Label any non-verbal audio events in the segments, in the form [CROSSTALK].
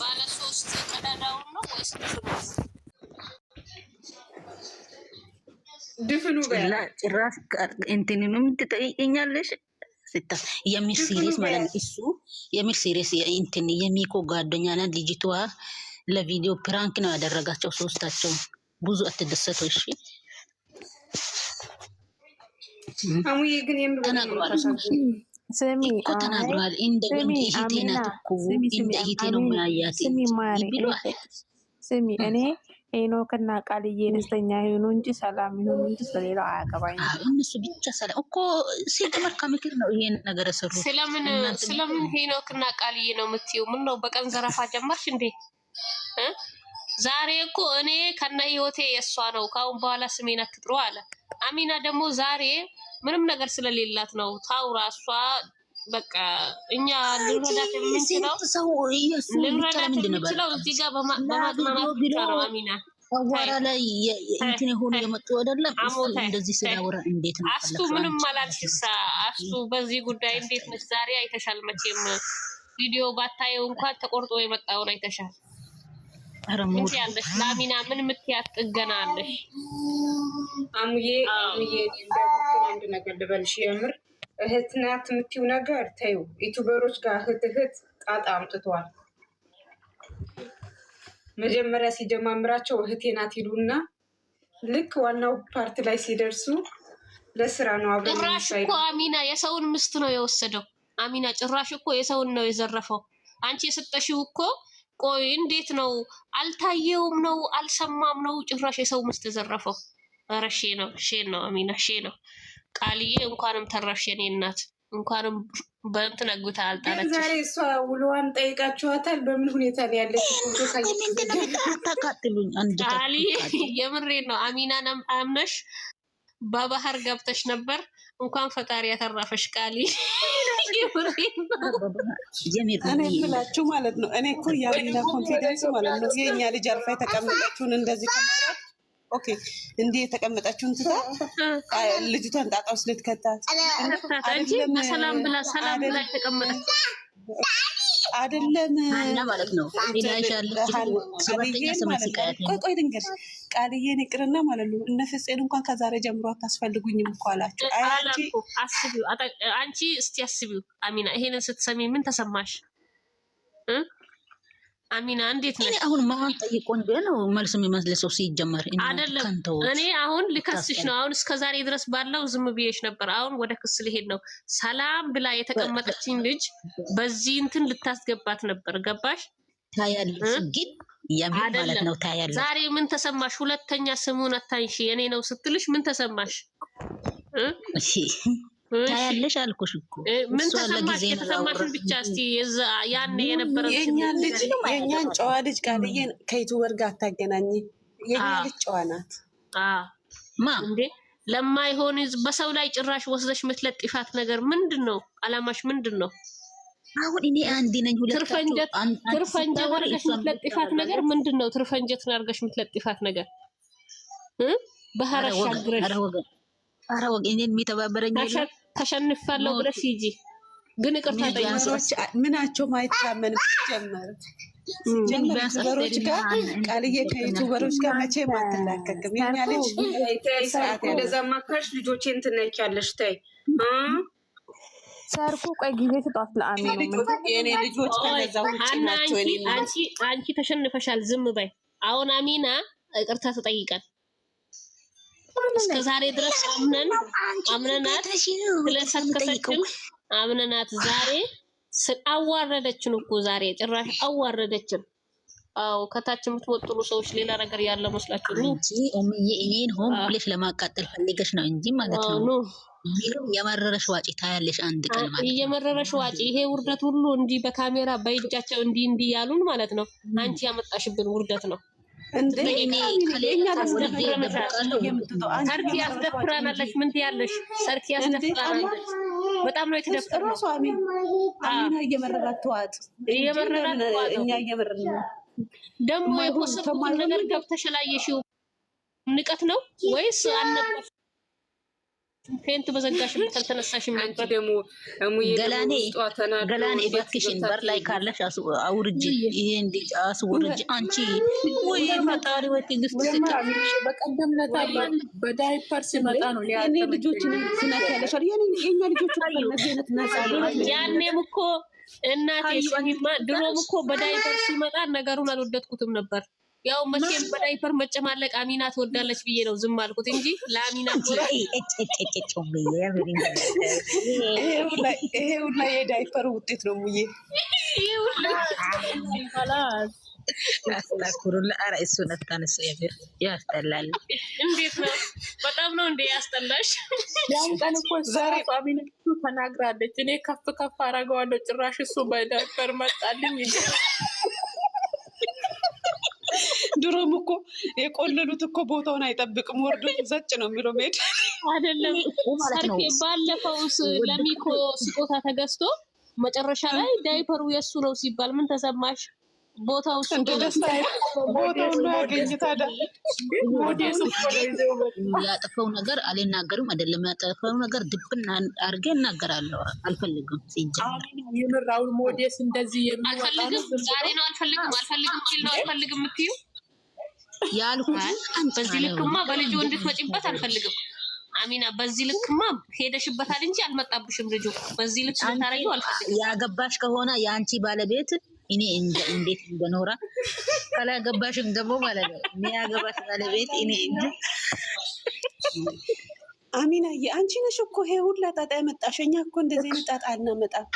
ባለ ሶስት ቀዳዳውን ነው ወይስ ድፍኑ ጭራሽ እንትንንም ትጠይቀኛለሽ። የሚል ሲሪስ ማለት ነው እሱ የሚል ሲሪስ እንትን የሚኮ ጓደኛና ልጅቷ ለቪዲዮ ፕራንክ ነው ያደረጋቸው ሶስታቸው። ብዙ አትደሰቱ። እሺ አሙዬ ግን የምር ስሚ እኮ ተናግሯል። እንደ እህቴ ናት እኮ እንደ እህቴ ነው የሚያያት። ስሚ እኔ ሄኖክና ቃልዬ ደስተኛ ይሁኑ እንጂ ሰላም ይሁኑ እንጂ ስለሌላ አያገባኝ። እነሱ ብቻ ሰላም እኮ ሲጀመር ከምክር ነው ይሄን ነገር ሰሩ። ስለምን ስለምን ሄኖክና ቃልዬ ነው የምትይው? ምን ነው በቀን ዘረፋ ጀመርሽ እንዴ? ዛሬ እኮ እኔ ከነ ህይወቴ የእሷ ነው፣ ካሁን በኋላ ስሜን አትጥሩ አለ። አሚና ደግሞ ዛሬ ምንም ነገር ስለሌላት ነው ታውራ። እሷ በቃ እኛ ልንረዳት የምንችለው ልንረዳት የምንችለው እዚህ ጋር በማቅናናት ብቻ ነው አሚና አዋራ ላይ እንትን የሆኑ የመጡ አይደለም። እንደዚህ ስለወረ እንዴት ነው አሱ ምንም አላልሽሳ አሱ በዚህ ጉዳይ እንዴት ነች? ዛሬ አይተሻል መቼም ቪዲዮ ባታየው እንኳን ተቆርጦ የመጣውን አይተሻል። ላሚና ምን የምትያት ጥገና አለሽ? አሙዬ አሙዬ አንድ ነገር ልበልሽ፣ የምር እህት ናት የምትይው ነገር ተይው። ዩቱበሮች ጋር እህት እህት ጣጣ አምጥተዋል። መጀመሪያ ሲጀማምራቸው እህቴ ናት ይሉና ልክ ዋናው ፓርት ላይ ሲደርሱ ለስራ ነው አብረ ጭራሽ እኮ አሚና የሰውን ምስት ነው የወሰደው። አሚና ጭራሽ እኮ የሰውን ነው የዘረፈው። አንቺ የሰጠሽው እኮ ቆይ እንዴት ነው? አልታየውም ነው? አልሰማም ነው? ጭራሽ የሰው ምስ ተዘረፈው። ኧረ ሼ ነው ሼ ነው አሚና ሼ ነው። ቃልዬ እንኳንም ተራሽ የኔ እናት እንኳንም በእንትን አግብታ አልጣለች። ዛሬ እሷ ውሎዋን ጠይቃችኋታል? በምን ሁኔታ ላይ የምሬ ነው አሚናን አምነሽ በባህር ገብተሽ ነበር። እንኳን ፈጣሪ ያተረፈሽ ቃልዬ እኔ ብላችሁ ማለት ነው። እኔ እኮ የአሚና ኮንፊደንስ ማለት ነው። የእኛ ልጅ አርፋ የተቀመጠችውን እንደዚህ ከማለት ኦኬ፣ እንዲህ የተቀመጠችውን ትታ ልጅቷን ጣጣ ውስጥ ልትከታት ሰላም ብላ ሰላም ብላ የተቀመጠች አይደለም ማለት ነው። ቆይ ቆይ ልንገር፣ ቃልዬን ይቅርና ማለት ነው እነ ፍፄን እንኳን ከዛሬ ጀምሮ አታስፈልጉኝም እኮ አላቸው። አንቺ እስቲ አስቢው አሚና፣ ይሄንን ስትሰሚ ምን ተሰማሽ? አሚና እንዴት ነሽ? አሁን ማን ጠይቆ እንደ ነው መልስ የሚመልሰው? ሲጀመር አይደለም እኔ አሁን ልከስሽ ነው። አሁን እስከ ዛሬ ድረስ ባለው ዝም ብዬሽ ነበር። አሁን ወደ ክስ ሊሄድ ነው። ሰላም ብላ የተቀመጠችኝ ልጅ በዚህ እንትን ልታስገባት ነበር። ገባሽ? ታያለሽ ግን ማለት ነው? ታያለሽ። ዛሬ ምን ተሰማሽ? ሁለተኛ ስሙን አታንሺ የኔ ነው ስትልሽ ምን ተሰማሽ? ታያለሽ አልኩሽ እኮ ምን ተሰማሽ? የተሰማሽን ብቻ እስኪ ያኔ የነበረ የእኛን ጨዋ ልጅ ጋር ከይቱ ወርጋ አታገናኝ። የእኛ ልጅ ጨዋ ናት። ማ እንዴ ለማይሆን በሰው ላይ ጭራሽ ወስደሽ የምትለጥፋት ነገር ምንድን ነው? አላማሽ ምንድን ነው? አሁን እኔ አንድ ነኝ። ሁለት ትርፈንጀት ትርፈንጀት አድርገሽ የምትለጥፋት ነገር ምንድን ነው? ትርፈንጀትን አድርገሽ የምትለጥፋት ነገር ባህር አሻግረሽ ኧረ ወገን እኔን የሚተባበረኝ የለም ተሸንፋለሁ ብለሽ ሂጂ። ግን ይቅርታ ጠይቂዎች ምናቸው አይታመንም። ሲጀመር ዩቱበሮች ጋር ቃልዬ ከዩቱበሮች ጋር መቼ አትላከቅም። የኛ እንደዛ ማካሽ ልጆቼን ትነኪያለሽ። ተይ ሰርኩ ቆይ ጊዜ ስጧት። ለአሚን የኔ ልጆች ከነዛ ውጭ ናቸው። አንቺ ተሸንፈሻል፣ ዝም በይ። አሁን አሚና ይቅርታ ተጠይቃል። እስከ ዛሬ ድረስ አምነን አምነናት ስለሰከሰችን አምነናት ዛሬ አዋረደችን እኮ ዛሬ ጭራሽ አዋረደችን። አዎ ከታች የምትወጥሩ ሰዎች ሌላ ነገር ያለ መስላችሁ ነው እንጂ እኔ እኔን ሆን ብለሽ ለማቃጠል ፈልገሽ ነው እንጂ ማለት ነው። የመረረሽ ዋጪ ታያለሽ አንድ ቀን ማለት ነው። የመረረሽ ዋጪ ይሄ ውርደት ሁሉ እንዲህ በካሜራ በእጃቸው እንዲህ እንዲህ ያሉን ማለት ነው። አንቺ ያመጣሽብን ውርደት ነው። ሰርክ ያስደፍራናለች። ምን ትያለሽ? ሰርክ ያስደፍራናለች። በጣም ነው የተደፈረው። አሚና እየመረራት ተዋጥ እየመረራት እኛ እየመረር ነው ደግሞ የኮሰብኩትን ነገር ገብተሽ ላየሽው ንቀት ነው ወይስ አልነበረ ፔንት በዘጋሽበት አልተነሳሽም ነበር። ገላኔ እባክሽን በር ላይ ካለሽ አውርጅ፣ ይሄ ልጅ አስወርጅ። አንቺ ወይ ፈጣሪ ወይ ትዕግስት ስጭ። በቀደም ለታ በዳይፐር ሲመጣ ነው እኔ ልጆችን ስናት ያለሻል። የኛ ልጆች እነዚህ ነጻ ያኔም እኮ እናቴ ሽሚማ ድሮም እኮ በዳይፐር ሲመጣ ነገሩን አልወደድኩትም ነበር ያው መቼም በዳይፐር መጨማለቅ አሚና ትወዳለች ብዬ ነው ዝም አልኩት እንጂ ለአሚና ይሄ ሁላ የዳይፐር ውጤት ነው። ሙዬ አስታኩሩላ አረ እሱን አታነሱ። የምር ያስጠላል። እንዴት ነው? በጣም ነው እንዴ ያስጠላሽ። ያን ቀን እኮ ዛሬ አሚና ተናግራለች። እኔ ከፍ ከፍ አረገዋለሁ ጭራሽ እሱ በዳይፐር መጣልኝ ድሮም እኮ የቆለሉት እኮ ቦታውን አይጠብቅም። ወርዶ ዘጭ ነው የሚለው ሜድ አይደለም። ሰርኬ ባለፈው ለሚኮ ስጦታ ተገዝቶ መጨረሻ ላይ ዳይፐሩ የእሱ ነው ሲባል ምን ተሰማሽ? ቦታው እንደ ደስታ ቦታው ነው ያገኝ። ታዲያ ያጠፈው ነገር አልናገርም አይደለም ያጠፈው ነገር ድብን አድርጌ እናገራለሁ። አልፈልግም ሲጀምር የምር ሞዴስ እንደዚህ አልፈልግም ዛሬ ነው አልፈልግም አልፈልግም ሲል ነው አልፈልግም የምትይው ያልኩት በዚህ ልክማ በልጁ እንድትመጪበት አልፈልግም። አሚና በዚህ ልክማ ሄደሽበታል እንጂ አልመጣብሽም ልጁ። በዚህ ልክ ታረጊው አልፈልግም። ያገባሽ ከሆነ የአንቺ ባለቤት እኔ እንዴት እንደኖራ ካላገባሽም ደግሞ ማለት ነው ያገባሽ ባለቤት እኔ እንጂ አሚና የአንቺ ነሽ እኮ ይሄ ሁላ ጣጣ ያመጣሽ። እኛ እኮ እንደዚህ አይነት ጣጣ አናመጣም።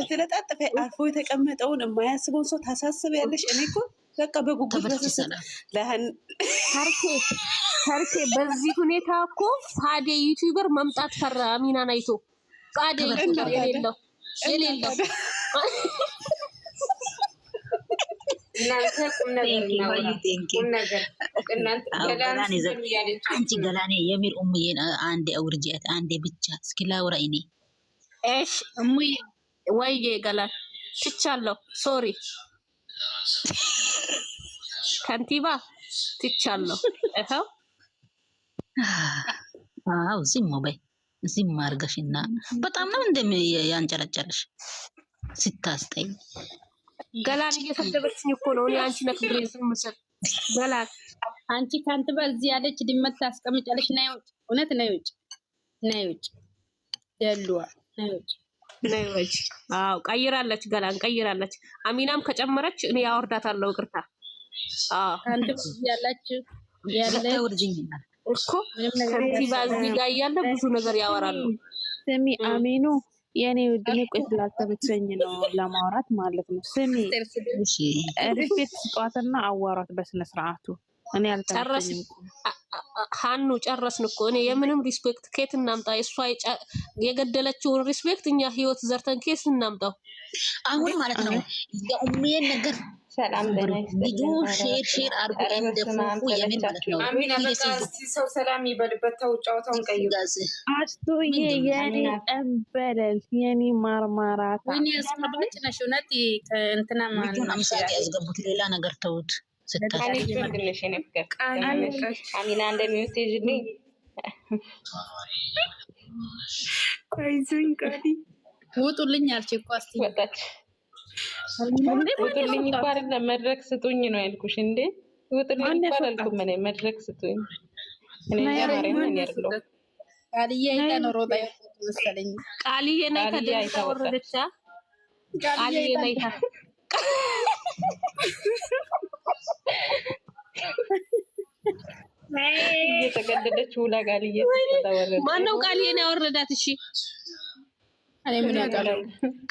የተለጣጠፈ አርፎ የተቀመጠውን የማያስበውን ሰው ታሳስበ ያለሽ። እኔ እኮ በቃ በጉጉት ተርኬ። በዚህ ሁኔታ እኮ ፋዴ ዩቲዩበር መምጣት ፈራ። አሚናን አይቶ ፋዴ ዩቲዩበር የሌለው የሌለው እናንተ አንቺ ገላኔ የሚር እሙዬን አንዴ አውርጃት አንዴ ብቻ እስኪ ላውራ። እኔ እሽ እሙዬ ወይዬ ገላል ትቻለሁ። ሶሪ ከንቲባ ትቻለሁ። ይኸው አዎ፣ ዝም በይ ዝም አድርገሽ በጣም ነው እንደም ያንጨረጨረሽ ስታስጠይ ገላን እየሰደበችኝ እኮ ነው። እኔ አንቺ ነክ ብሬ ዝም ስል ገላን አንቺ ከንትባ እዚህ ያለች ድመት ታስቀምጫለች። ነይ ውጭ፣ እውነት ነይ ውጭ፣ ነይ ውጭ፣ ደልዋ ነይ ውጭ፣ ነይ ውጭ። አዎ ቀይራለች፣ ገላን ቀይራለች። አሚናም ከጨመረች እኔ ያወርዳታለሁ። ይቅርታ። አዎ ከንትባ እዚህ ያለች ያለ እኮ ከንቲባ እዚህ ጋር እያለ ብዙ ነገር ያወራሉ። ስሚ አሚኑ የእኔ ውድ ቆይ ስላልተመቸኝ ነው ለማውራት ማለት ነው። ስሚ ሪስፔክት ስጧትና አዋሯት በስነ ስርዓቱ። እኔ አልተመቸኝም። ሀኑ ጨረስን እኮ እኔ የምንም ሪስፔክት ኬት እናምጣ? እሷ የገደለችውን ሪስፔክት እኛ ህይወት ዘርተን ኬት እናምጣው? አሁን ማለት ነው የሚሄን ነገር ሰላም ልጁ ሼር ሼር አርጎ እንደፉፉ የምን ማለት ነው? ሰው ሰላም ይበልበት። ተው ጨዋታውን ቀይሩ። አስቱዬ የኔ ጠበለል የኔ ማርማራት ስማጭ ነሽ። እውነት እንትና ልጁን አምሳት ያስገቡት ሌላ ነገር ተውት። ስታልሽ አሚና እንደሚወስጅልኝ አይዞኝ ውጡልኝ አልቼ እኮ ወጣች ውጡልኝ እኮ አይደለም መድረክ ስጡኝ ነው ያልኩሽ። እንዴ ውጡልኝ እኮ አላልኩም እኔ መድረክ ስጡኝ። ቃልዬ ነው ቃልዬ ቃልዬ እየተገደደች ውላ ቃልዬ ማነው ቃልዬን ያወረዳት? እሺ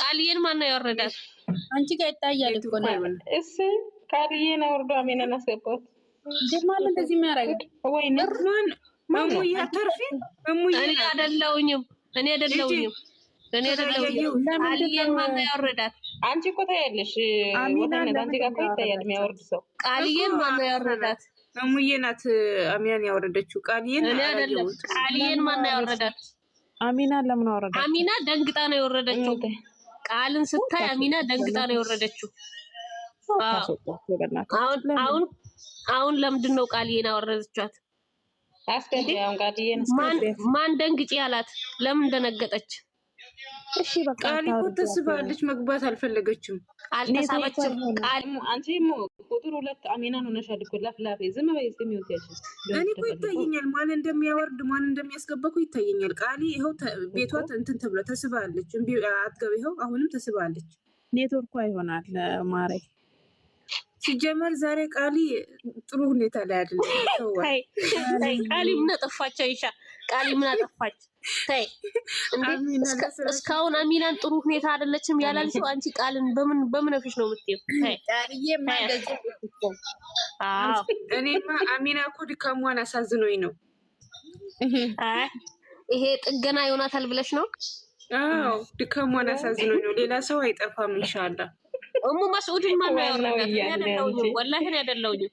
ቃልዬን ማነው ያወረዳት? አንቺ ጋር ይታያል እኮ ነው። እሺ ካልዬን አውርዶ አሜናን አስገባት። ደማል እንደዚህ የሚያደርግ ወይ ነርማን ማሙ ያተርፊ ማሙ እኔ አይደለሁኝም እኔ አይደለሁኝም እኔ አይደለሁኝም። አልዬን ማን ያወረዳት? አንቺ እኮ ታያለሽ። ወታነ አንቺ ጋር ይታያል የሚያወርድ ሰው። ቃልዬን ማን ያወረዳት? ማሙዬ ናት አሚናን ያወረደችው። ቃልዬን እኔ አይደለም። ቃልዬን ማን ያወረዳት? አሚና ለምን አወረዳት? አሚና ደንግጣ ነው የወረደችው። ቃልን ስታይ አሚና ደንግጣ ነው የወረደችው። አሁን አሁን ለምንድን ነው ይሄን አወረደቻት? ማን ደንግጪ አላት? ለምን ደነገጠች? እሺ በቃ ቃሊ እኮ ተስባለች፣ መግባት አልፈለገችም፣ እኔ እኮ ይታየኛል፣ ማን እንደሚያወርድ ማን እንደሚያስገባ ይታየኛል። ቃሊ ይኸው ቤቷ እንትን ተብላ ተስባለች፣ ይኸው አሁንም ተስባለች። ኔትወርኳ ይሆናል ማሬ ሲጀመር ዛሬ ቃሊ ጥሩ ሁኔታ ላይ አይደለም። ቃሊ ምን ይሻ ቃሊ ምን አጠፋች? ተይ እስካሁን አሚናን ጥሩ ሁኔታ አይደለችም ያላል ሰው አንቺ ቃልን በምን በምን ፊሽ ነው የምትይው? እኔማ አሚና እኮ ድካሟን አሳዝኖኝ ነው። ይሄ ጥገና ይሆናታል ብለሽ ነው? አዎ ድካሟን አሳዝኖኝ ነው። ሌላ ሰው አይጠፋም። ኢንሻላህ እሙ መስዑድን ማነው ያወረዳት? እኔ አይደለሁኝም፣ ወላሂ እኔ አይደለሁኝም።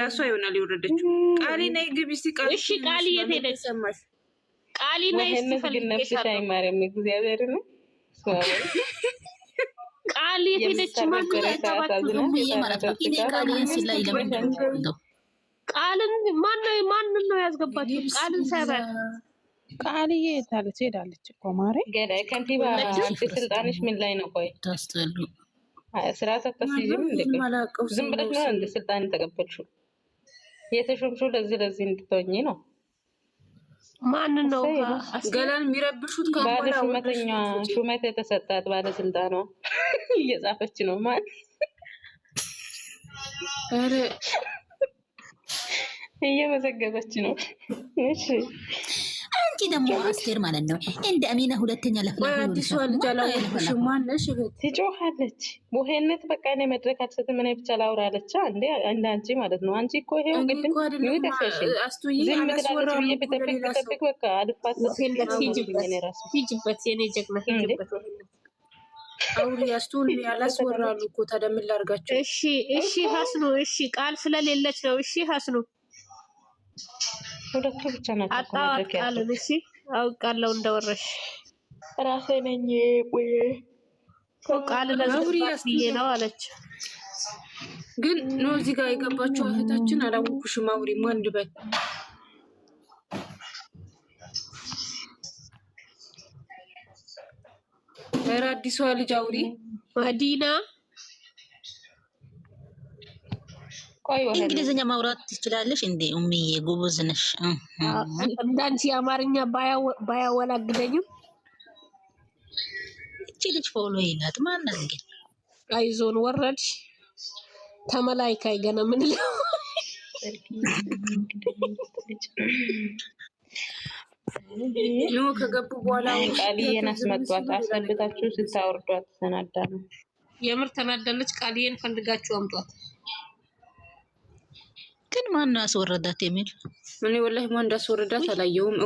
ራሷ ይሆናል የወረደችው። ቃሊ ነይ ግቢ እስኪ ቃሊ። እሺ ቃሊ የት ሄደች? ቃሊ ነይ እስኪ ፈልግ። ነፍስሽ አይማርም እግዚአብሔር ነው። ቃሊ የት ሄደች? ቃልን ማንን ነው ያስገባችው? ቃልን ሰበር ቃልዬ የት አለች? ሄዳለች እኮ ማሬ። ከንቲባ ስልጣንሽ ምን ላይ ነው? ቆይ ታስተሉ ስራ ተፈስ ዝም ብለሽ ነው እንደ ስልጣን የተቀበልሽው? የተሾምሽው ለዚህ ለዚህ እንድትሆኚ ነው። ማን ነው ገላን የሚረብሹት? ባለ ሹመተኛ ሹመት የተሰጣት ባለስልጣኗ [LAUGHS] እየጻፈች ነው ማን እየመዘገበች ነው። እሺ አንቺ ደግሞ አስቴር ማለት ነው እንደ አሚና ሁለተኛ ለፍላሽ ውሄነት በቃ እኔ መድረክ አልሰጥም ምን ብቻ ላውራ አለች። እንደ አንቺ ማለት ነው። አንቺ እኮ ይሄው እሺ ሀስኑ ሁለቱ ብቻ ናቸው። አጣዋቃልን እሺ፣ አውቃለሁ እንደወረሽ ራሴ ነኝ። ቆይ ቃል ለብዬ ነው አለች። ግን ነው እዚህ ጋር የገባችው እህታችን አላወኩሽም። አውሪ ማንድ በል ኧረ አዲሷ ልጅ አውሪ መዲና እንግሊዝኛ ማውራት ትችላለሽ እንዴ? ኡሚዬ ጉብዝ ነሽ። እንዳንቺ የአማርኛ ባያወላግደኝም እቺ ልጅ ፎሎ ይላት ማናት ግን አይዞን ወረድ ተመላይካይ ገና ምንለው ኖ ከገቡ በኋላ ቃልዬን አስመጧት። አስፈልጋችሁ ስታወርዷት ተናዳ ነው። የምር ተናዳለች። ቃልዬን ፈልጋችሁ አምጧት። ግን ማን ነው ያስወረዳት የሚል እኔ ወላሂ ማን እንዳስወረዳት አላየሁም።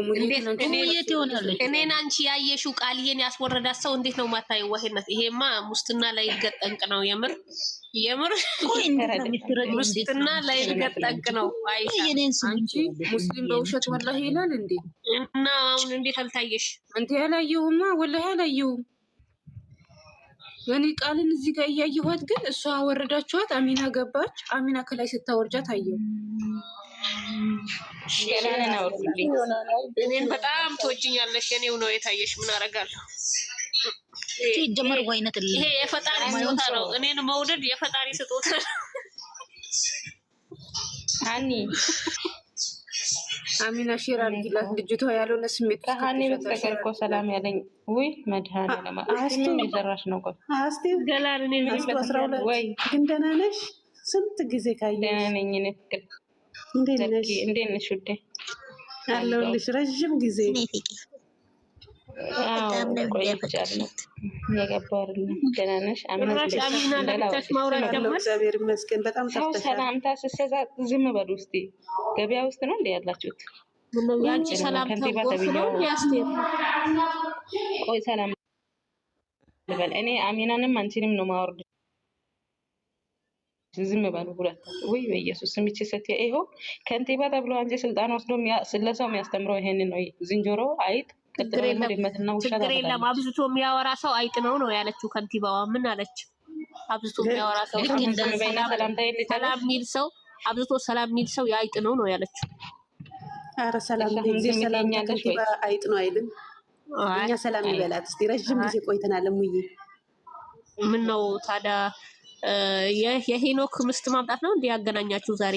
እሙዬት ይሆናለች። እኔን አንቺ ያየሽው ቃልዬን ያስወረዳት ሰው እንዴት ነው ማታየው? ዋህነት ይሄማ ሙስትና ላይ ይገጠንቅ ነው። የምር የምር [LAUGHS] ሙስትና ላይ ገጠንቅ ነው። አይ አንቺ ሙስሊም በውሸት ወላሂ ይላል እንዴ! እና አሁን እንዴት አልታየሽ? እንዴ አላየሁማ፣ ወላሂ አላየሁም። እኔ ቃልን እዚህ ጋር እያየኋት ግን እሷ አወረዳችኋት። አሚና ገባች። አሚና ከላይ ስታወርጃት አየሁ። እኔን በጣም ትወጅኛለሽ። የኔው ነው የታየሽ። ምን አረጋለሁ? ጀመር ወይነት ይሄ የፈጣሪ ስጦታ ነው። እኔን መውደድ የፈጣሪ ስጦታ ነው። አኒ አሚና ሼር አድርጊላት። ልጅቷ ያልሆነ ስሜት ከሀኔ በስተቀር እኮ ሰላም ያለኝ ውይ መድኃኔዓለም የዘራሽ ነው። ቆይ ግን ደህና ነሽ? ስንት ጊዜ ካየሽ። ደህና ነኝ እኔ ፍቅር። እንዴት ነሽ? ውዴ አለሁልሽ ረዥም ጊዜ ሰላምታ ስትሰዛ ዝም ውስጥ ገበያ ውስጥ ነው እንደ ያላችሁት ቆይ ሰላም ልበል። እኔ አሚናንም አንቺንም ነው ማወርድ። ዝም በሉ ሁለታችሁ። በኢየሱስ ይኸው ከንቲባ ተብሎ አንቺ ስልጣን ወስዶ ስለሰው የሚያስተምረው ይሄንን ነው። ዝንጀሮ አይጥ ችግር የለም አብዝቶ የሚያወራ ሰው አይጥ ነው ነው ያለችው ከንቲባዋ። ምን አለች? አብዝቶ የሚያወራ ሰው ሰላም የሚል ሰው አብዝቶ ሰላም የሚል ሰው የአይጥ ነው ነው ያለችው። ኧረ ሰላም ከንቲባ አይጥ ነው አይልም። እኛ ሰላም ይበላት እስኪ። ረዥም ጊዜ ቆይተናል። ሙዬ ምን ነው ታዲያ የሄኖክ ምስት ማምጣት ነው እንዲህ ያገናኛችሁ ዛሬ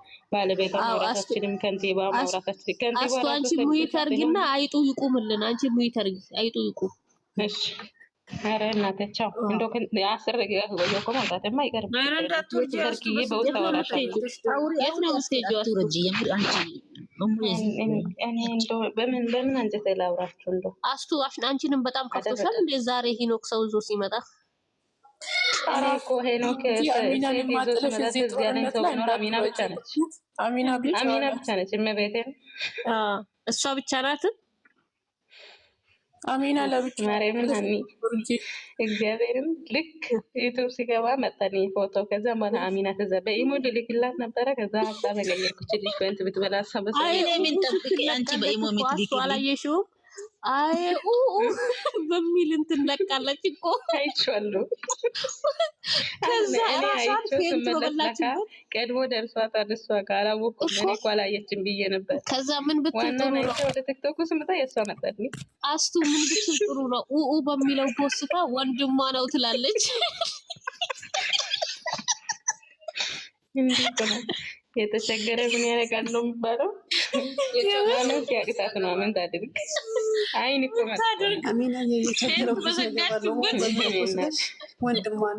ባለቤቷ ማውራታችንም ከንቲባ ማውራታችን ከንቲባ አንቺ ሙይት አድርጊና አይጡ ይቁምልን። አንቺ ሙይት አድርጊ አይጡ ይቁም። እሺ ኧረ እናተቻው እንደው አስር ወየኮ ማውጣትማ አይቀርም። ዘርግዬ በውስጥ አወራሻለሁ። በምን በምን አንጀት ላውራችሁ? እንደው አስቱ አንቺንም በጣም ከፍቶሻል እንዴ ዛሬ ሂኖክ ሰው ዞር ሲመጣ አሚና ብቻ ነች። እመቤቴ እሷ ብቻ ናት። አሚና ለብቻ ማርያምን እግዚአብሔርን ልክ ዩቱብ ሲገባ መጣን ፎቶ። ከዛ በኋላ አሚና ከዛ በኢሞ ልልክላት ነበረ። ከዛ ሀሳብ ገኘርኩችልሽ ወንት ብትበላ ሰበሰ አላየሽውም አይ በሚል እንትን ለቃለች እኮ አይቼዋለሁ። ከዛ ራሷን ፌንት በበላችበት ቀድሞ ደርሷታል። እሷ ጋር አላወኩም እኔ እኮ አላየችም ብዬ ነበር። ከዛ ምን ብትል ወደ ቲክቶክ ስምታ የእሷ መጣት አስቱ ምን ብትጥሩ ነው ኡኡ በሚለው ፖስታ ወንድሟ ነው ትላለች። እንዴት ነው የተቸገረ ምን ያደርጋል ነው የሚባለው። የጨማነት ያቅታት ነው ምን ታድርግ? አይን ወንድሟ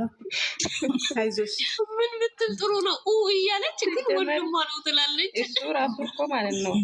ነው አይዞሽ ምን ብትል ጥሩ ነው እያለች ግን ወንድሟ ነው ትላለች። እሱ ራሱ እኮ ማለት ነው